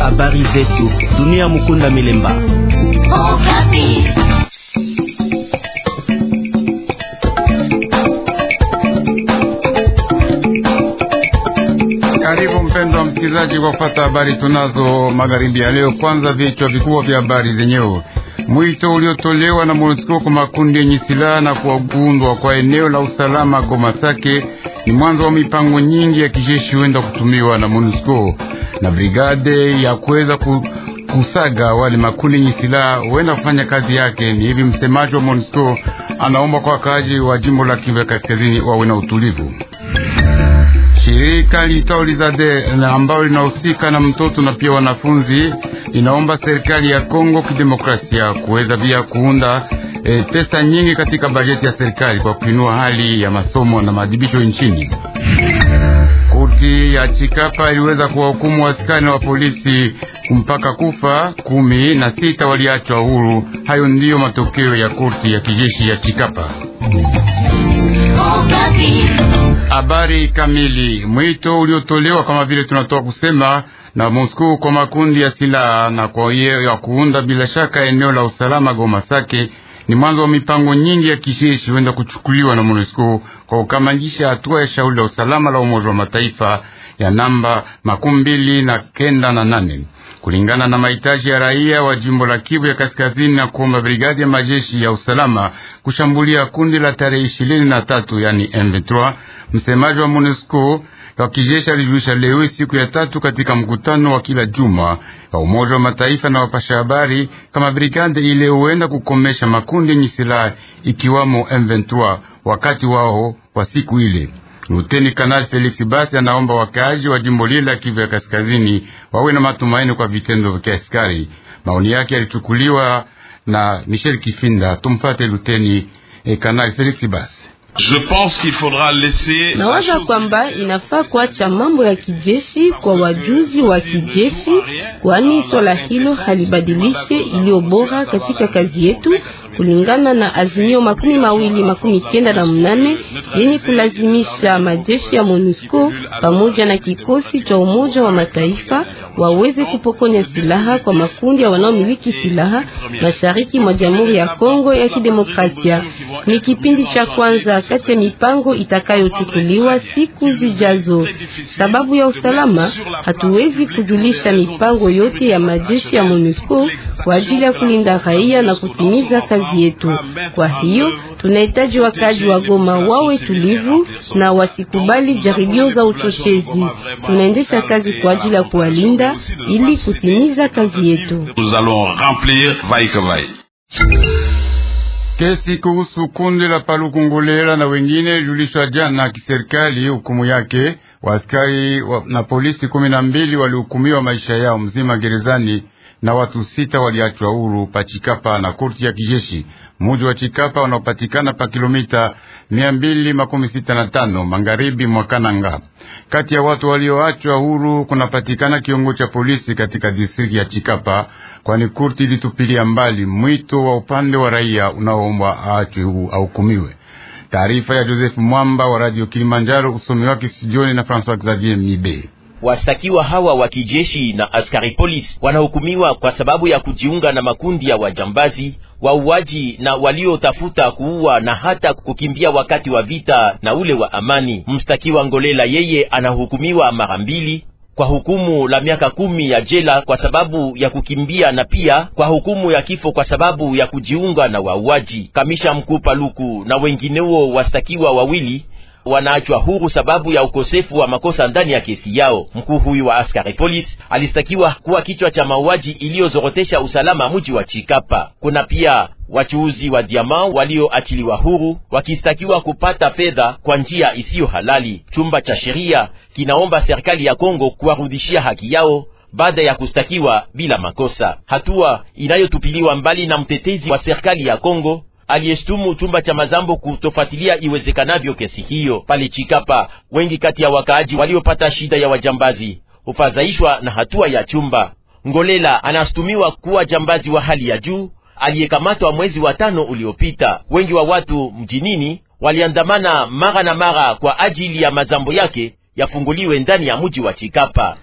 Habari zetu dunia, Mukunda Milemba. Karibu wa msikilizaji kwa kufata habari tunazo magharibi ya leo. Kwanza vichwa vikubwa vya habari zenyewe. Mwito uliotolewa na MONUSCO kwa makundi yenye silaha na kuagundwa kwa eneo la usalama Goma Sake ni mwanzo wa mipango nyingi ya kijeshi huenda kutumiwa na MONUSCO na brigade ya kuweza ku, kusaga wale makundi yenye silaha huenda kufanya kazi yake. Ni hivi msemaji wa MONUSCO anaomba kwa wakaaji wa jimbo la Kivu ya kaskazini wawe na utulivu. Shirika liitwalo Lizade ambalo linahusika na mtoto na pia wanafunzi linaomba serikali ya Kongo Kidemokrasia kuweza pia kuunda e, pesa nyingi katika bajeti ya serikali kwa kuinua hali ya masomo na maadhibisho nchini. korti ya Chikapa iliweza kuwahukumu askari wa polisi mpaka kufa, kumi na sita waliachwa huru. Hayo ndiyo matokeo ya korti ya kijeshi ya Chikapa. Habari kamili. Mwito uliotolewa kama vile tunatoa kusema na Moscow kwa makundi ya silaha na kwa hiyo ya kuunda bila shaka eneo la usalama Goma Sake ni mwanzo wa mipango nyingi ya kijeshi huenda kuchukuliwa na MONUSCO kwa kukamilisha hatua ya shauri la usalama la Umoja wa Mataifa ya namba makumi mbili na kenda na nane kulingana na mahitaji ya raia wa jimbo la Kivu ya Kaskazini na kuomba brigadi ya majeshi ya usalama kushambulia kundi la tarehe ishirini na tatu yani M23. Msemaji wa MONUSCO wa kijeshi alijulisha leo siku ya tatu katika mkutano wa kila juma wa Umoja wa Mataifa na wapasha habari kama brigande ile huenda kukomesha makundi yenye silaha ikiwamo M23 wakati wao wa siku ile. Luteni Kanali Felix Basi anaomba wakaaji wa jimbo lile la Kivu ya Kaskazini wawe na matumaini kwa vitendo vya askari. Maoni yake yalichukuliwa na Michel Kifinda. Tumfate Luteni eh, Kanali Felix Basi. Nawaza kwamba inafaa kuacha mambo ya kijeshi kwa wajuzi wa kijeshi, kwani swala hilo halibadilishe iliyo bora katika kazi yetu kulingana na azimio makumi mawili makumi kenda na mnane yenye kulazimisha majeshi ya MONUSCO pamoja na kikosi cha Umoja wa Mataifa waweze kupokonya silaha kwa makundi ya wanaomiliki silaha mashariki mwa Jamhuri ya Kongo ya Kidemokrasia. Ni kipindi cha kwanza kati ya mipango itakayochukuliwa siku zijazo. Sababu ya usalama, hatuwezi kujulisha mipango yote ya majeshi ya MONUSCO kwa ajili ya kulinda raia na kutimiza kazi miji yetu. Kwa hiyo tunahitaji wakazi wa Goma wawe tulivu na wasikubali jaribio za uchochezi. Tunaendesha kazi kwa ajili ya kuwalinda ili kutimiza kazi yetu. Kesi kuhusu kundi la Palukungulela na wengine julishwa jana kiserikali hukumu yake. Waaskari na polisi kumi na mbili walihukumiwa maisha yao mzima gerezani na watu sita waliachwa huru pa Chikapa na korti ya kijeshi. Muji wa Chikapa unaopatikana pa kilomita mia mbili makumi sita na tano magharibi mwa Kananga. Kati ya watu walioachwa huru kunapatikana kiongozi cha polisi katika distrikti ya Chikapa, kwani korti ilitupilia mbali mwito wa upande wa raia unaoombwa aachwe ahukumiwe. Taarifa ya Joseph Mwamba wa Radio Kilimanjaro, usomi wake studioni na François Xavier Mibe. Wastakiwa hawa wa kijeshi na askari polisi wanahukumiwa kwa sababu ya kujiunga na makundi ya wajambazi, wauaji na waliotafuta kuua na hata kukimbia wakati wa vita na ule wa amani. Mstakiwa Ngolela yeye anahukumiwa mara mbili kwa hukumu la miaka kumi ya jela kwa sababu ya kukimbia na pia kwa hukumu ya kifo kwa sababu ya kujiunga na wauaji. Kamisha mkuu Paluku na wengineo wastakiwa wawili wanaachwa huru sababu ya ukosefu wa makosa ndani ya kesi yao. Mkuu huyu wa askari polisi alistakiwa kuwa kichwa cha mauaji iliyozorotesha usalama mji wa Chikapa. Kuna pia wachuuzi wa diama walioachiliwa huru wakistakiwa kupata fedha kwa njia isiyo halali. Chumba cha sheria kinaomba serikali ya Kongo kuwarudishia haki yao baada ya kustakiwa bila makosa, hatua inayotupiliwa mbali na mtetezi wa serikali ya Kongo aliyeshtumu chumba cha mazambo kutofuatilia iwezekanavyo kesi hiyo pale Chikapa. Wengi kati ya wakaaji waliopata shida ya wajambazi hufadhaishwa na hatua ya chumba. Ngolela anashutumiwa kuwa jambazi wa hali ya juu aliyekamatwa mwezi wa tano uliopita. Wengi wa watu mjinini waliandamana mara na mara kwa ajili ya mazambo yake yafunguliwe ndani ya mji wa Chikapa.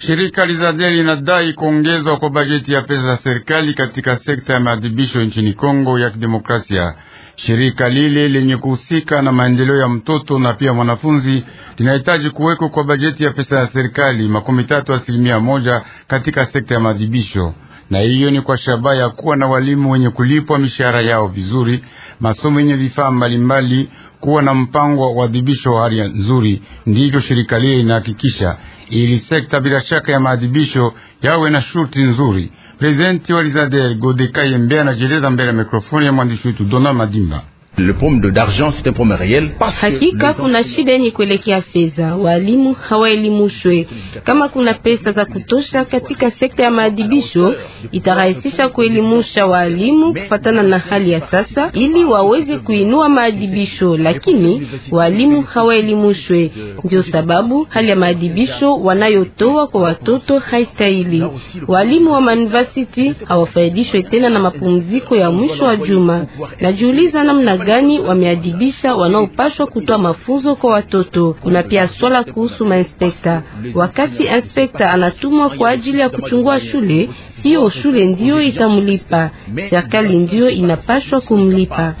Shirika lizadia linadai kuongezwa kwa bajeti ya pesa za serikali katika sekta ya maadhibisho nchini Kongo ya Kidemokrasia. Shirika lile lenye kuhusika na maendeleo ya mtoto na pia mwanafunzi linahitaji kuwekwa kwa bajeti ya pesa ya serikali makumi tatu asilimia moja katika sekta ya maadhibisho na hiyo ni kwa shabaha ya kuwa na walimu wenye kulipwa mishahara yao vizuri, masomo yenye vifaa mbalimbali, kuwa na mpango wa uadhibisho wa hali nzuri. Ndivyo shirika lile linahakikisha, ili sekta bila shaka ya maadhibisho yawe na shuti nzuri. Prezidenti wa Lizader Godekaye Mbe anajieleza mbele ya mikrofoni ya mwandishi wetu Donald Madimba. Hakika kuna shida yenye kuelekea fedha, walimu hawaelimushwe. Kama kuna pesa za kutosha katika sekta ya maadibisho, itarahisisha kuelimusha walimu kufatana na hali ya sasa, ili waweze kuinua maadibisho, lakini walimu hawaelimushwe. Ndio sababu hali ya maadibisho wanayotoa kwa watoto haistahili. Walimu wa manivasiti hawafaidishwe tena na mapumziko ya mwisho wa juma. Najiuliza namna gani wameadibisha wanaopashwa kutoa mafunzo kwa watoto. Kuna pia swala kuhusu mainspekta. Wakati inspekta anatumwa kwa ajili ya kuchungua shule, hiyo shule ndiyo itamlipa, serikali ndiyo inapashwa kumlipa.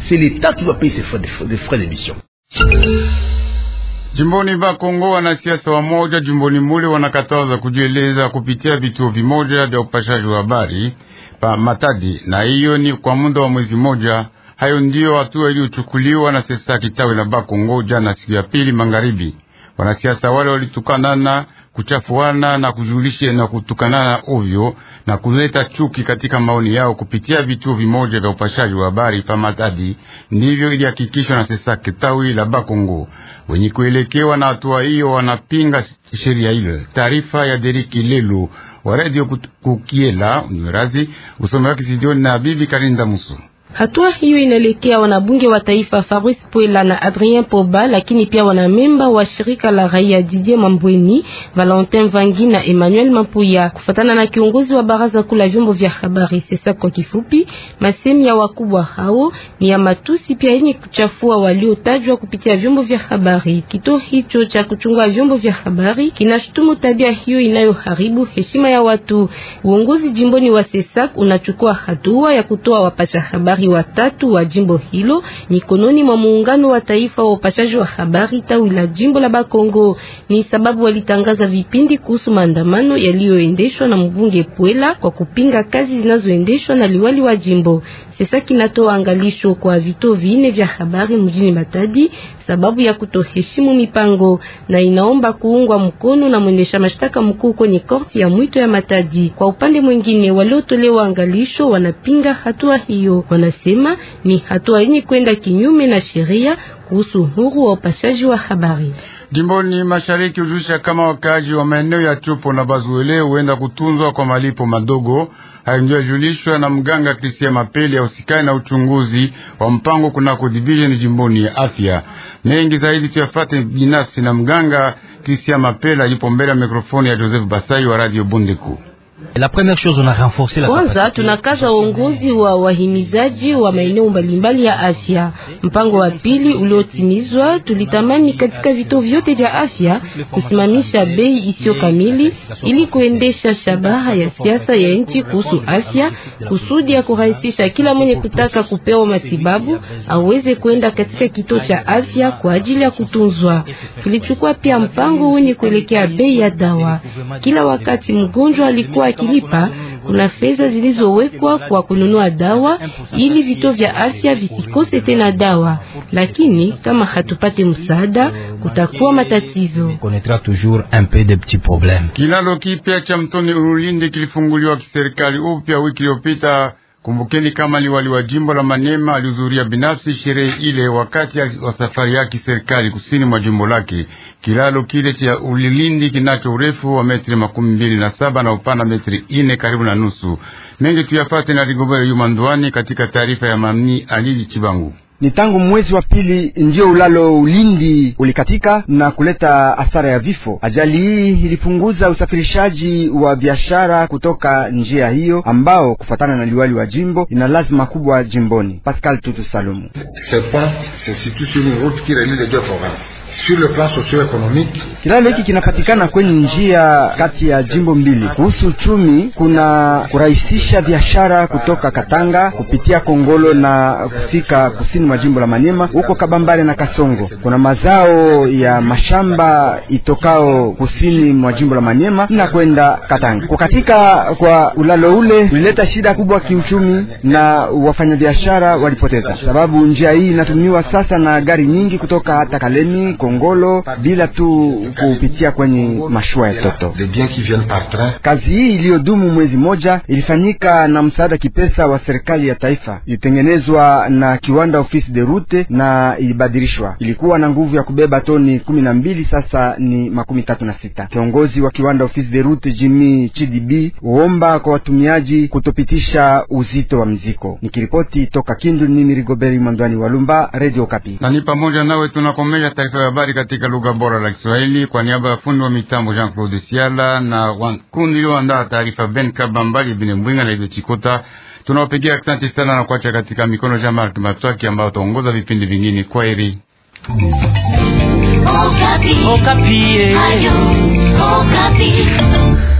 Jimboni Bakongo, wanasiasa wamoja jimboni mule wanakataza kujieleza kupitia vituo vimoja vya upashaji wa habari pa Matadi, na hiyo ni kwa muda wa mwezi mmoja. Hayo ndiyo hatua iliyochukuliwa na Sesaki tawi la Bakongo jana siku ya pili magharibi. Wanasiasa wale walitukanana, kuchafuana na kujulisha na kutukanana ovyo na kuleta chuki katika maoni yao kupitia vituo vimoja vya upashaji wa habari pa Matadi. Ndivyo ilihakikishwa na Sesaki tawi la Bakongo. Wenye kuelekewa na hatua hiyo wanapinga sheria ile. Taarifa ya Deriki Lelu wa Radio Kukiela Nyerazi, usomi wake Sidioni na Bibi Karinda Musu. Hatua hiyo inaletea wanabunge wa taifa Fabrice Puela na Adrien Poba, lakini pia wanamemba wa shirika la raia Didier Mambweni, Valentin Vangi na Emmanuel Mapuya. Kufatana na kiongozi wa baraza kula vyombo vya habari sasa, kwa kifupi, masemi ya wakubwa hao ni ya matusi pia yenye kuchafua waliotajwa kupitia vyombo vya habari. Kituo hicho cha kuchunga vyombo vya habari kinashutumu tabia hiyo inayoharibu heshima ya watu. Uongozi jimboni wa Sesak unachukua hatua ya kutoa wapasha habari habari watatu wa jimbo hilo mikononi mwa muungano wa taifa wa upashaji wa habari tawi la jimbo la Bakongo. Ni sababu walitangaza vipindi kuhusu maandamano yaliyoendeshwa na mbunge Puela kwa kupinga kazi zinazoendeshwa na liwali wa jimbo. Sasa kinatoa angalisho kwa vituo vine vya habari mjini Matadi sababu ya kutoheshimu mipango na inaomba kuungwa mkono na mwendesha mashtaka mkuu kwenye korti ya mwito ya Matadi. Kwa upande mwingine, waliotolewa angalisho wanapinga hatua hiyo wana anasema ni hatua yenye kwenda kinyume na sheria kuhusu uhuru wa upashaji wa habari. Jimboni mashariki hujulisha kama wakaaji wa maeneo ya Chopo na Bazuele huenda kutunzwa kwa malipo madogo. Hayo ndio yajulishwa na mganga Krisia Mapeli ya usikani na uchunguzi wa mpango kunako divisheni jimboni ya afya. Mengi zaidi tuyafate binafsi na mganga Krisia Mapeli alipo mbele ya mikrofoni ya Joseph Basai wa Radio Bundiku. La première chose, on a renforcé la kwanza, tunakaza uongozi wa wahimizaji wa maeneo mbalimbali ya afya. Mpango wa pili uliotimizwa, tulitamani katika vituo vyote vya afya kusimamisha bei isiyo kamili ili kuendesha shabaha ya siasa ya nchi kuhusu afya, kusudi ya kurahisisha kila mwenye kutaka kupewa matibabu aweze kwenda katika kituo cha afya kwa ajili ya kutunzwa. Tulichukua pia mpango wenye kuelekea bei ya dawa. Kila wakati mgonjwa alikuwa kulipa. Kuna fedha zilizowekwa kwa kununua dawa ili vituo vya afya visikose tena dawa, lakini kama hatupate msaada kutakuwa matatizo. Kilalo kipya cha mtoni Urulindi kilifunguliwa kiserikali upya wiki iliyopita Kumbukeni kama liwali wa jimbo la Manema alihudhuria binafsi sherehe ile wakati wa safari yake serikali kusini mwa jimbo lake. Kilalo kile cha Ulilindi kinacho urefu wa metri makumi mbili na saba na upana metri ine karibu na nusu. Mengi tuyafate na Rigobero Yumandwani katika taarifa ya Mamni Alili Chibangu. Ni tangu mwezi wa pili ndio ulalo Ulindi ulikatika na kuleta asara ya vifo. Ajali hii ilipunguza usafirishaji wa biashara kutoka njia hiyo, ambao kufuatana na liwali wa jimbo ina lazima kubwa jimboni. Pascal Tutu Salumu Kilalo hiki kinapatikana kwenye njia kati ya jimbo mbili. Kuhusu uchumi, kuna kurahisisha biashara kutoka Katanga kupitia Kongolo na kufika kusini mwa jimbo la Manyema, huko Kabambare na Kasongo. Kuna mazao ya mashamba itokao kusini mwa jimbo la Manyema na kwenda Katanga. Kukatika kwa ulalo ule ulileta shida kubwa kiuchumi, na wafanyabiashara walipoteza, sababu njia hii inatumiwa sasa na gari nyingi kutoka hata Kalemi Kongolo bila tu kupitia kwenye mashua ya toto. Kazi hii iliyodumu mwezi moja ilifanyika na msaada kipesa wa serikali ya taifa, ilitengenezwa na kiwanda Office de Route na ilibadilishwa. Ilikuwa na nguvu ya kubeba toni kumi na mbili, sasa ni makumi tatu na sita. Kiongozi wa kiwanda Office de Route Jimmy Chidibi huomba kwa watumiaji kutopitisha uzito wa mziko. Nikiripoti toka Kindu, mimi Rigoberi Mwandwani Walumba, Radio Kapi. Na ni pamoja nawe tunakomesha taarifa ya habari katika lugha bora la Kiswahili kwa niaba ya fundi wa mitambo Jean Claude Siala na wakundi ilioandaa taarifa Ben Kabambali Bine Mwinga na Ibn Chikota. Tunawapigia asante sana na kuacha katika mikono ya Mark Matwaki ambao ataongoza vipindi vingine. Kwa heri. Okapi. Okapi. Eh. Ayu, Okapi.